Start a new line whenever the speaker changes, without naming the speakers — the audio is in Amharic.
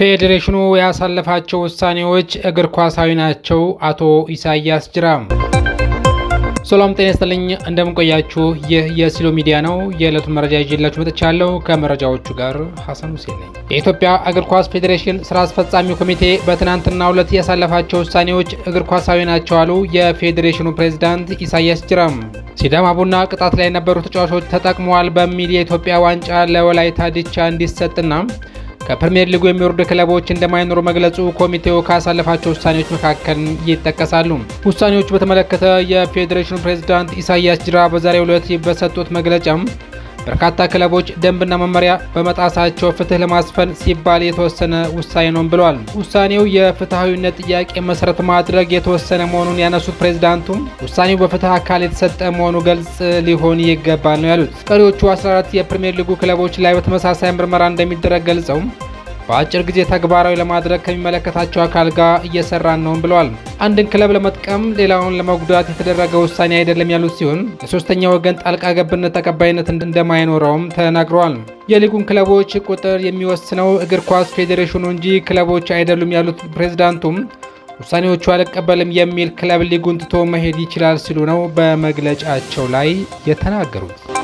ፌዴሬሽኑ ያሳለፋቸው ውሳኔዎች እግር ኳሳዊ ናቸው። አቶ ኢሳያስ ጅራም። ሰላም ጤና ይስጥልኝ፣ እንደምንቆያችሁ። ይህ የሲሎ ሚዲያ ነው። የዕለቱን መረጃ ይዤላችሁ መጥቻለሁ። ከመረጃዎቹ ጋር ሐሰን ሁሴን ነኝ። የኢትዮጵያ እግር ኳስ ፌዴሬሽን ስራ አስፈጻሚ ኮሚቴ በትናንትናው ዕለት ያሳለፋቸው ውሳኔዎች እግር ኳሳዊ ናቸው አሉ የፌዴሬሽኑ ፕሬዝዳንት ኢሳያስ ጅራም። ሲዳማ ቡና ቅጣት ላይ የነበሩ ተጫዋቾች ተጠቅመዋል በሚል የኢትዮጵያ ዋንጫ ለወላይታ ድቻ እንዲሰጥና ከፕሪምየር ሊጉ የሚወርዱ ክለቦች እንደማይኖሩ መግለጹ ኮሚቴው ካሳለፋቸው ውሳኔዎች መካከል ይጠቀሳሉ። ውሳኔዎቹ በተመለከተ የፌዴሬሽኑ ፕሬዝዳንት ኢሳያስ ጅራ በዛሬው ዕለት በሰጡት መግለጫም በርካታ ክለቦች ደንብና መመሪያ በመጣሳቸው ፍትህ ለማስፈን ሲባል የተወሰነ ውሳኔ ነው ብለዋል። ውሳኔው የፍትሐዊነት ጥያቄ መሰረት ማድረግ የተወሰነ መሆኑን ያነሱት ፕሬዝዳንቱም ውሳኔው በፍትህ አካል የተሰጠ መሆኑ ገልጽ ሊሆን ይገባል ነው ያሉት። ቀሪዎቹ 14 የፕሪምየር ሊጉ ክለቦች ላይ በተመሳሳይ ምርመራ እንደሚደረግ ገልጸው በአጭር ጊዜ ተግባራዊ ለማድረግ ከሚመለከታቸው አካል ጋር እየሰራን ነውም ብለዋል። አንድን ክለብ ለመጥቀም ሌላውን ለመጉዳት የተደረገ ውሳኔ አይደለም ያሉት ሲሆን የሶስተኛ ወገን ጣልቃ ገብነት ተቀባይነት እንደማይኖረውም ተናግረዋል። የሊጉን ክለቦች ቁጥር የሚወስነው እግር ኳስ ፌዴሬሽኑ እንጂ ክለቦች አይደሉም ያሉት ፕሬዝዳንቱም ውሳኔዎቹ አልቀበልም የሚል ክለብ ሊጉን ትቶ መሄድ ይችላል ሲሉ ነው በመግለጫቸው ላይ የተናገሩት።